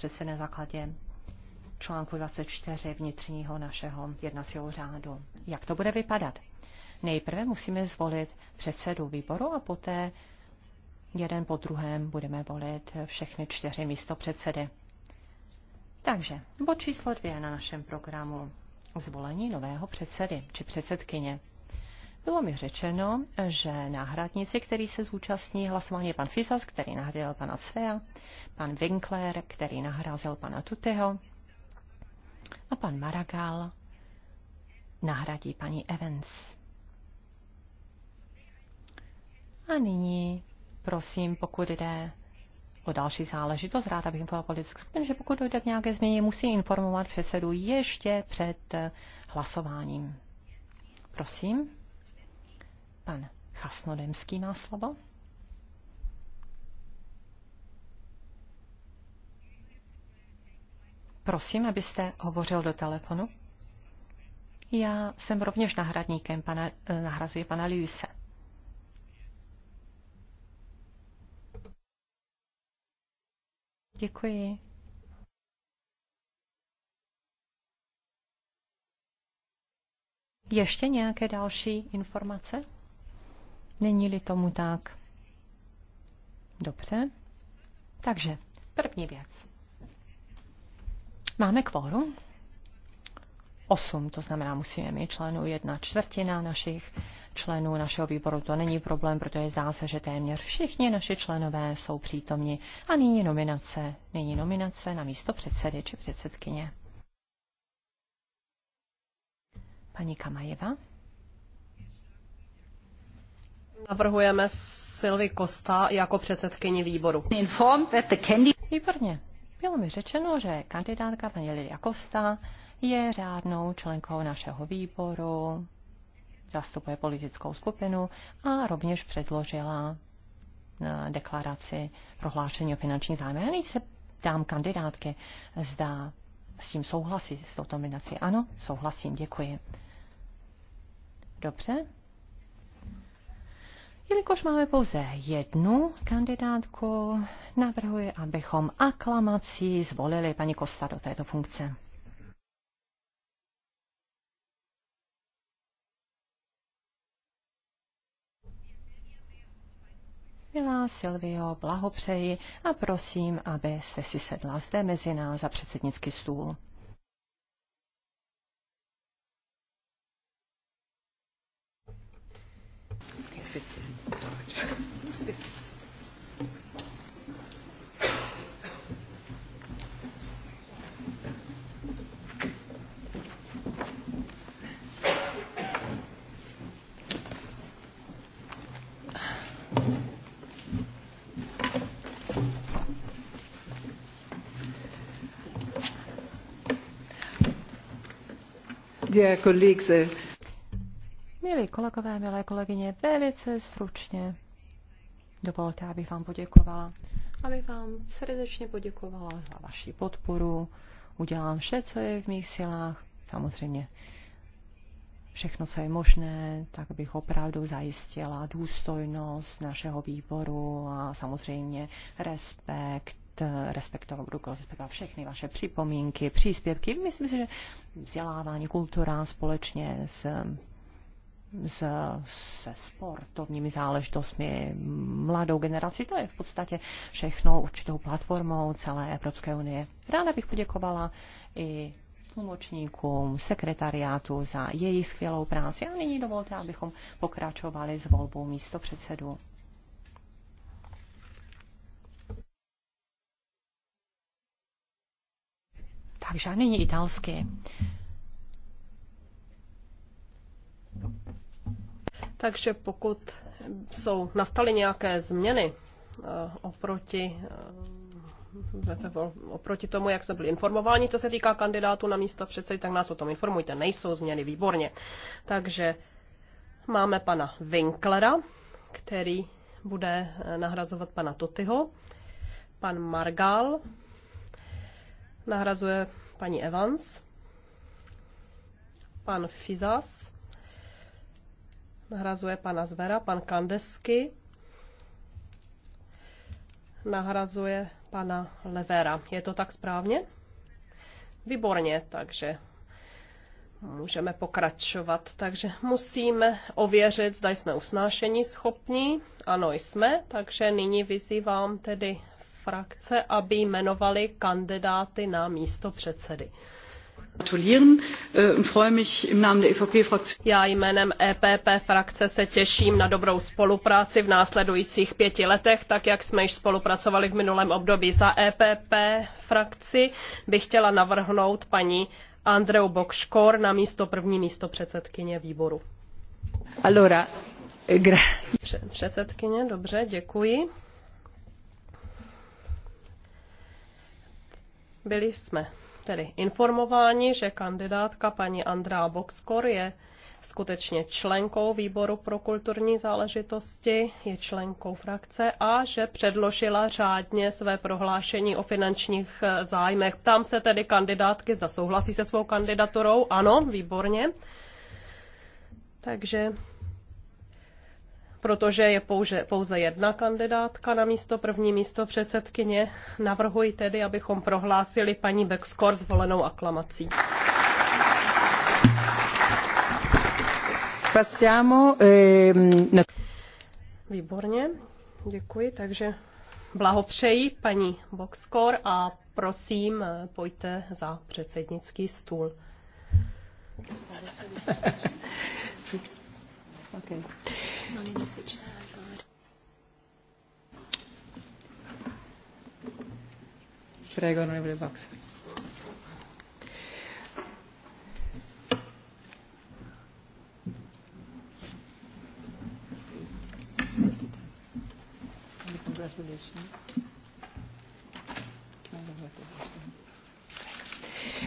přesně na základě článku 24 vnitřního našeho jednacího řádu. Jak to bude vypadat? Nejprve musíme zvolit předsedu výboru a poté jeden po druhém budeme volit všechny čtyři místo předsedy. Takže bod číslo dvě na našem programu. Zvolení nového předsedy či předsedkyně. Bylo mi řečeno, že náhradníci, který se zúčastní hlasování, je pan Fisas, který nahradil pana Cvea, pan Winkler, který nahrazil pana Tuteho a pan Maragal nahradí paní Evans. A nyní, prosím, pokud jde o další záležitost, ráda bych informovala politickou skupinu, že pokud dojde k nějaké změně, musí informovat předsedu ještě před hlasováním. Prosím. Pan Chasnodemský má slovo. Prosím, abyste hovořil do telefonu. Já jsem rovněž nahradníkem, pana, eh, nahrazuje pana Luise. Děkuji. Ještě nějaké další informace? Není-li tomu tak? Dobře. Takže první věc. Máme kvorum? Osm, to znamená, musíme mít členů jedna čtvrtina našich členů našeho výboru. To není problém, protože zdá se, že téměř všichni naši členové jsou přítomni. A nyní nominace. Nyní nominace na místo předsedy či předsedkyně. Paní Kamajeva. Navrhujeme Silvi Kosta jako předsedkyni výboru. Výborně. Bylo mi řečeno, že kandidátka paní Lidia Kosta je řádnou členkou našeho výboru, zastupuje politickou skupinu a rovněž předložila eh, deklaraci prohlášení o finanční zájmy. Já se dám kandidátky, zda s tím souhlasí, s touto nominací. Ano, souhlasím, děkuji. Dobře, Jelikož máme pouze jednu kandidátku, navrhuji, abychom aklamací zvolili paní Kosta do této funkce. Milá Silvio, blahopřeji a prosím, abyste si sedla zde mezi nás za předsednický stůl. dear colleagues uh, Milí kolegové, milé kolegyně, velice stručně dovolte, abych vám poděkovala. Abych vám srdečně poděkovala za vaši podporu. Udělám vše, co je v mých silách. Samozřejmě všechno, co je možné, tak bych opravdu zajistila důstojnost našeho výboru a samozřejmě respekt respektovat, budu respektovat všechny vaše připomínky, příspěvky. Myslím si, že vzdělávání, kultura společně s s, se sportovními záležitostmi, mladou generaci. To je v podstatě všechno určitou platformou celé Evropské unie. Ráda bych poděkovala i tlumočníkům, sekretariátu za její skvělou práci. A nyní dovolte, abychom pokračovali s volbou místo předsedu. Takže a nyní italsky. Takže pokud jsou nastaly nějaké změny eh, oproti eh, oproti tomu, jak jsme byli informováni, co se týká kandidátů na místo předsedy, tak nás o tom informujte. Nejsou změny, výborně. Takže máme pana Winklera, který bude eh, nahrazovat pana Totyho. Pan Margal nahrazuje paní Evans. Pan Fizas nahrazuje pana Zvera, pan Kandesky nahrazuje pana Levera. Je to tak správně? Výborně, takže můžeme pokračovat. Takže musíme ověřit, zda jsme usnášení schopní. Ano, jsme, takže nyní vyzývám tedy frakce, aby jmenovali kandidáty na místo předsedy gratulieren äh, und freue mich im Namen der EVP Fraktion. Já jménem EPP frakce se těším na dobrou spolupráci v následujících pěti letech, tak jak jsme již spolupracovali v minulém období za EPP frakci, bych chtěla navrhnout paní Andreu Bokškor na místo první místo předsedkyně výboru. Allora, eh, gra... Předsedkyně, dobře, děkuji. Byli jsme tedy informováni, že kandidátka paní Andrá Boxkor je skutečně členkou výboru pro kulturní záležitosti, je členkou frakce a že předložila řádně své prohlášení o finančních eh, zájmech. Ptám se tedy kandidátky, zda souhlasí se svou kandidaturou. Ano, výborně. Takže protože je pouze, pouze jedna kandidátka na místo první místo předsedkyně. Navrhuji tedy, abychom prohlásili paní Bexkor zvolenou aklamací. Passiamo, eh, Výborně, děkuji, takže blahopřeji paní Boxkor a prosím, pojďte za předsednický stůl. Okay. Prego, onorevole Bax.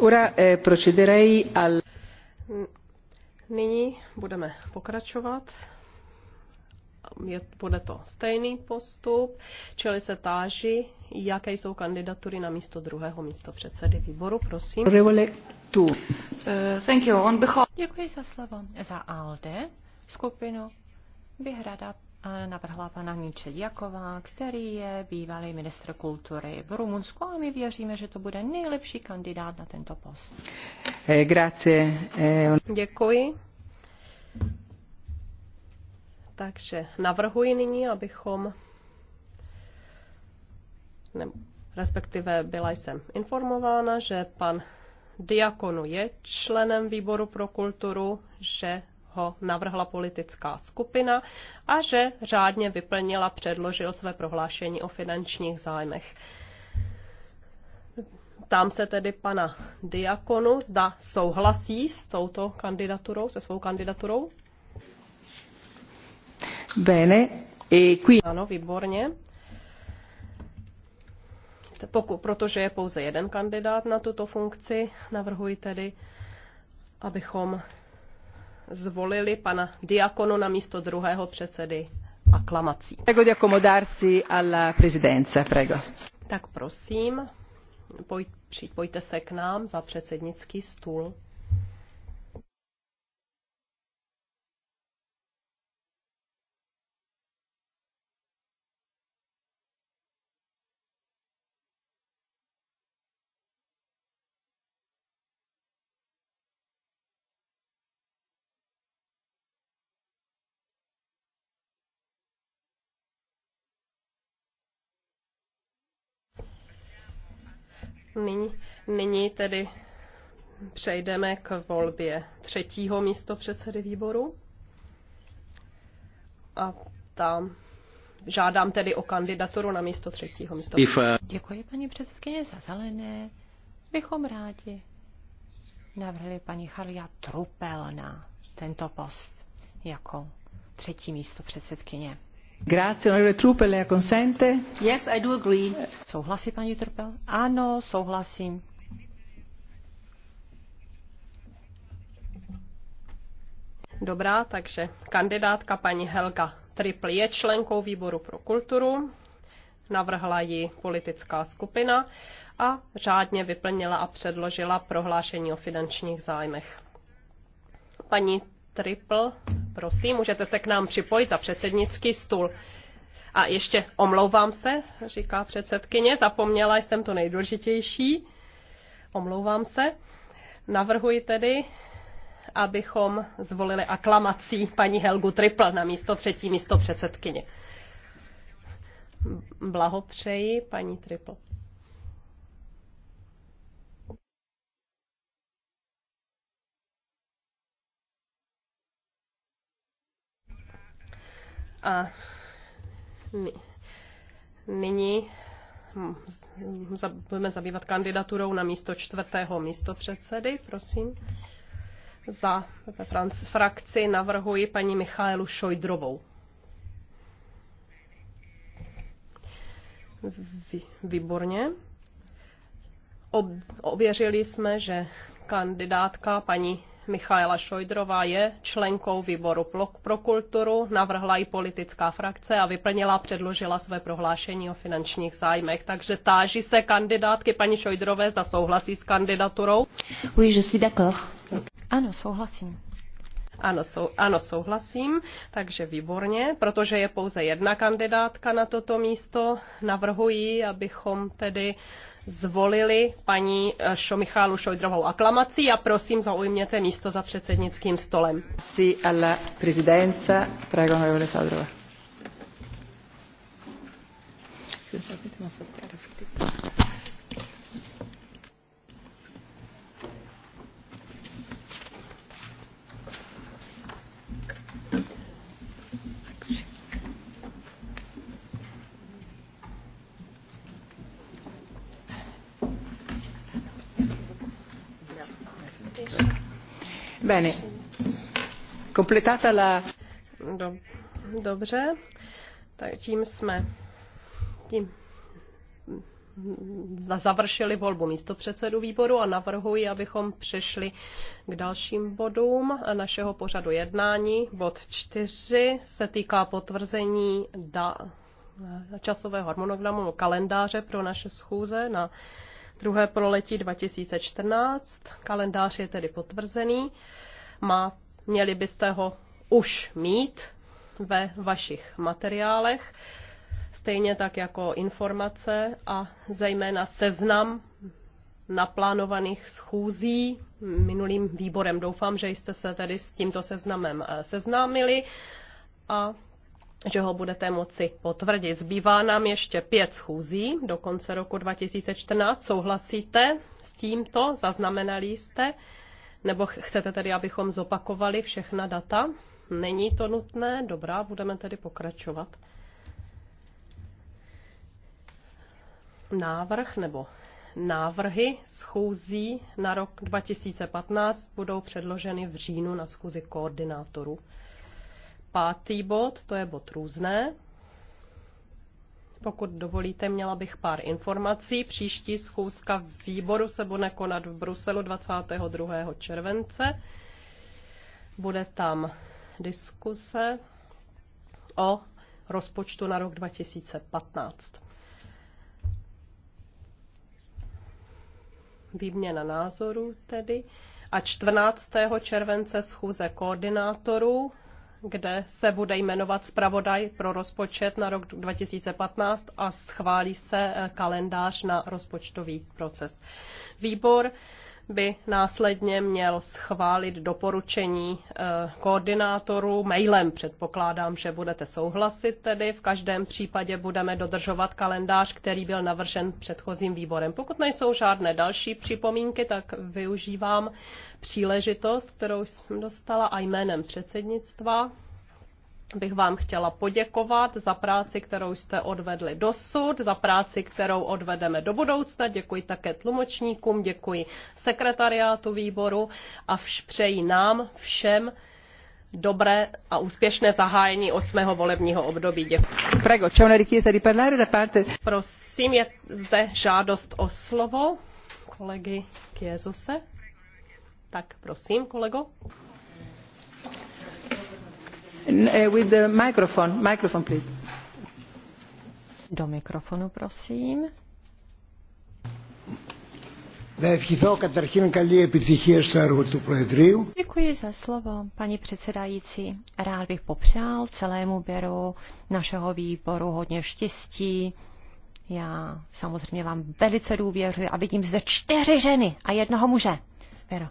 Ora eh, procederei al... Nyní budeme pokračovat. Je, bude to stejný postup, čili se táží, jaké jsou kandidatury na místo druhého místo předsedy výboru, prosím. thank you. On Děkuji za slovo. Za ALDE skupinu bych rada navrhla pana Níče Jaková, který je bývalý ministr kultury v Rumunsku a my věříme, že to bude nejlepší kandidát na tento post. Eh, grazie. Eh, Děkuji. Takže navrhuji nyní, abychom, ne, respektive byla jsem informována, že pan Diakonu je členem výboru pro kulturu, že ho navrhla politická skupina a že řádně vyplnila, předložil své prohlášení o finančních zájmech. Tam se tedy pana Diakonu, zda souhlasí s touto kandidaturou, se svou kandidaturou. Bene, e qui... Ano, výborně. Poku, protože je pouze jeden kandidát na tuto funkci, navrhuji tedy, abychom zvolili pana Diakono na místo druhého předsedy aklamací. Prego di accomodarsi alla presidenza, prego. Tak prosím, poj, přijďte se k nám za předsednický stůl. Nyní, nyní tedy přejdeme k volbě třetího místo předsedy výboru. A tam žádám tedy o kandidaturu na místo třetího místo. If, uh... Děkuji paní předsedkyně za zelené. Bychom rádi navrhli paní Charlia Trupel na tento post jako třetí místo předsedkyně. Yes, I do agree. Souhlasí paní Truppel? Ano, souhlasím. Dobrá, takže kandidátka paní Helga Tripl je členkou výboru pro kulturu, navrhla ji politická skupina a řádně vyplnila a předložila prohlášení o finančních zájmech. Paní Tripl Prosím, můžete se k nám připojit za předsednický stůl. A ještě omlouvám se, říká předsedkyně, zapomněla jsem to nejdůležitější. Omlouvám se. Navrhuji tedy, abychom zvolili aklamací paní Helgu Tripl na místo třetí místo předsedkyně. Blahopřeji paní Tripl. A nyní hm, budeme zabývat kandidaturou na místo čtvrtého místo předsedy. prosím. Za frakci navrhuji paní Michaelu Šojdrovou. Výborně. Ověřili jsme, že kandidátka paní Michaela Šojdrová je členkou výboru pro kulturu, navrhla i politická frakce a vyplnila, předložila své prohlášení o finančních zájmech. Takže táží se kandidátky paní Šojdrové, zda souhlasí s kandidaturou. Oui, je suis d'accord. Ano, souhlasím. Ano, sou, ano, souhlasím, takže výborně, protože je pouze jedna kandidátka na toto místo. Navrhuji, abychom tedy zvolili paní eh, Šomichálu Šojdrovou aklamací a prosím zaujměte místo za předsednickým stolem. Si alla presidenza, prego onorevole Šojdrova. Bene. Completata la... Dobře, tak tím jsme tím završili volbu místopředsedu výboru a navrhuji, abychom přešli k dalším bodům našeho pořadu jednání. Bod 4 se týká potvrzení da, časového harmonogramu kalendáře pro naše schůze na druhé pololetí 2014. Kalendář je tedy potvrzený. Má, měli byste ho už mít ve vašich materiálech, stejně tak jako informace a zejména seznam naplánovaných schůzí minulým výborem. Doufám, že jste se tedy s tímto seznamem eh, seznámili a že ho budete moci potvrdit. Zbývá nám ještě pět schůzí do konce roku 2014. Souhlasíte s tímto? Zaznamenali jste? Nebo chcete tedy, abychom zopakovali všechna data? Není to nutné? Dobrá, budeme tedy pokračovat. Návrh nebo návrhy schůzí na rok 2015 budou předloženy v říjnu na schůzi koordinátorů pátý bod, to je bod různé. Pokud dovolíte, měla bych pár informací. Příští schůzka výboru se bude konat v Bruselu 22. července. Bude tam diskuse o rozpočtu na rok 2015. Výměna názorů tedy. A 14. července schůze koordinátorů kde se bude jmenovat zpravodaj pro rozpočet na rok 2015 a schválí se kalendář na rozpočtový proces. Výbor by následně měl schválit doporučení eh, koordinátorů mailem. Předpokládám, že budete souhlasit tedy. V každém případě budeme dodržovat kalendář, který byl navržen předchozím výborem. Pokud nejsou žádné další připomínky, tak využívám příležitost, kterou jsem dostala a jménem předsednictva bych vám chtěla poděkovat za práci, kterou jste odvedli dosud, za práci, kterou odvedeme do budoucna. Děkuji také tlumočníkům, děkuji sekretariátu výboru a vš- přeji nám všem dobré a úspěšné zahájení osmého volebního období. Děkuji. Prego, c'è richiesta di parlare da parte... Prosím, je zde žádost o slovo kolegy Kiezose. Tak prosím, kolego. Eh, with ευχηθώ καταρχήν καλή επιτυχία στο έργο του Προεδρείου. Děkuji za slovo, paní předsedající. Rád bych popřál celému běru našeho výboru hodně štěstí. Já samozřejmě vám velice důvěřuji a vidím zde čtyři ženy a jednoho muže. Vero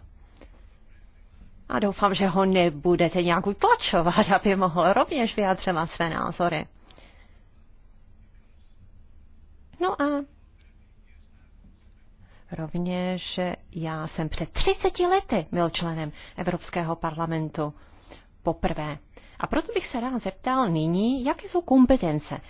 a doufám, že ho nebudete nějak utlačovat, aby mohl rovněž vyjadřovat své názory. No a rovněž já jsem před 30 lety byl členem Evropského parlamentu poprvé. A proto bych se rád zeptal nyní, jaké jsou kompetence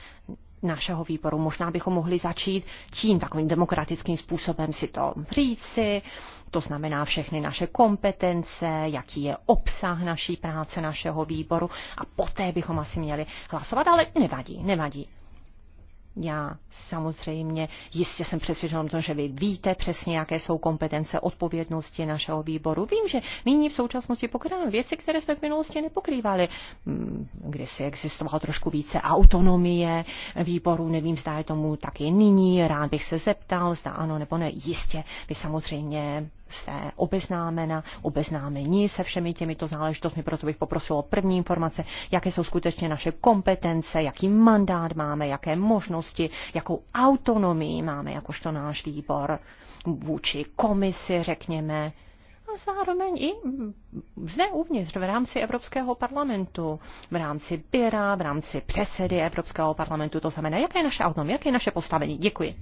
našeho výboru. Možná bychom mohli začít tím takovým demokratickým způsobem si to říci, to znamená všechny naše kompetence, jaký je obsah naší práce, našeho výboru a poté bychom asi měli hlasovat, ale nevadí, nevadí. Já samozřejmě jistě jsem přesvědčen o tom, že vy víte přesně, jaké jsou kompetence odpovědnosti našeho výboru. Vím, že nyní v současnosti pokrýváme věci, které jsme v minulosti nepokrývali. Hmm, Kdysi existovalo trošku více autonomie výboru, nevím, zda je tomu taky nyní. Rád bych se zeptal, zda ano nebo ne. Jistě, vy samozřejmě jste obeznámena, obeznámení se všemi těmito záležitostmi, proto bych poprosila o první informace, jaké jsou skutečně naše kompetence, jaký mandát máme, jaké možnosti, jakou autonomii máme, jakožto náš výbor vůči komisi, řekněme, a zároveň i zde uvnitř, v rámci Evropského parlamentu, v rámci Běra, v rámci předsedy Evropského parlamentu, to znamená, jaké je naše autonomie, jaké je naše postavení. Děkuji.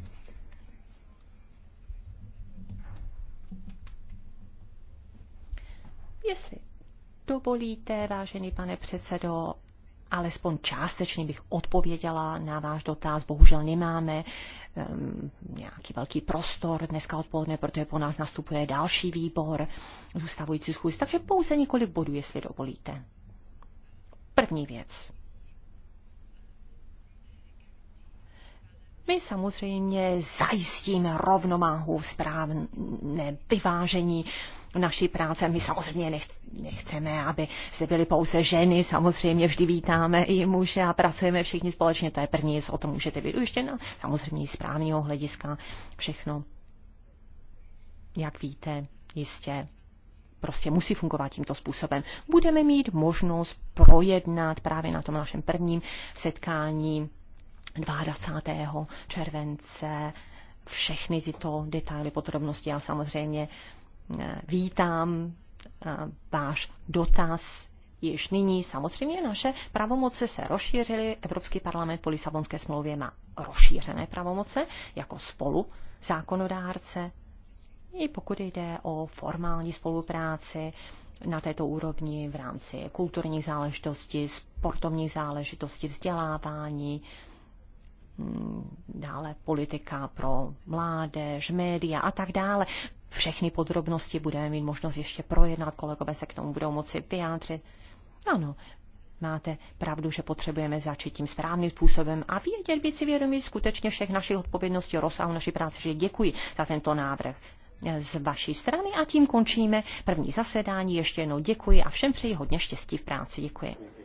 Jestli dovolíte, vážený pane předsedo, alespoň částečně bych odpověděla na váš dotaz. Bohužel nemáme um, nějaký velký prostor dneska odpoledne, protože po nás nastupuje další výbor zůstavující schůz. Takže pouze několik bodů, jestli dovolíte. První věc. My samozřejmě zajistíme rovnováhu, správné vyvážení naší práce. My samozřejmě nech, nechceme, aby zde byly pouze ženy, samozřejmě vždy vítáme i muže a pracujeme všichni společně. To je první, o tom můžete být ujištěna. Samozřejmě i správního hlediska všechno. Jak víte, jistě prostě musí fungovat tímto způsobem. Budeme mít možnost projednat právě na tom našem prvním setkání 22. července všechny tyto detaily, podrobnosti a samozřejmě Eh, vítám eh, váš dotaz již nyní. Samozřejmě naše pravomoce se rozšířily. Evropský parlament po Lisabonské smlouvě má rozšířené pravomoce jako spolu zákonodárce, i pokud jde o formální spolupráci na této úrovni v rámci kulturních záležitostí, sportovních záležitostí, vzdělávání, hm, dále politika pro mládež, média a tak dále všechny podrobnosti budeme mít možnost ještě projednat, kolegové se k tomu budou moci vyjádřit. Ano, máte pravdu, že potřebujeme začít tím správným způsobem a vědět, být si vědomí skutečně všech našich odpovědností, rozsahu naší práce, že děkuji za tento návrh z vaší strany a tím končíme první zasedání. Ještě jednou děkuji a všem přeji hodně štěstí v práci. Děkuji.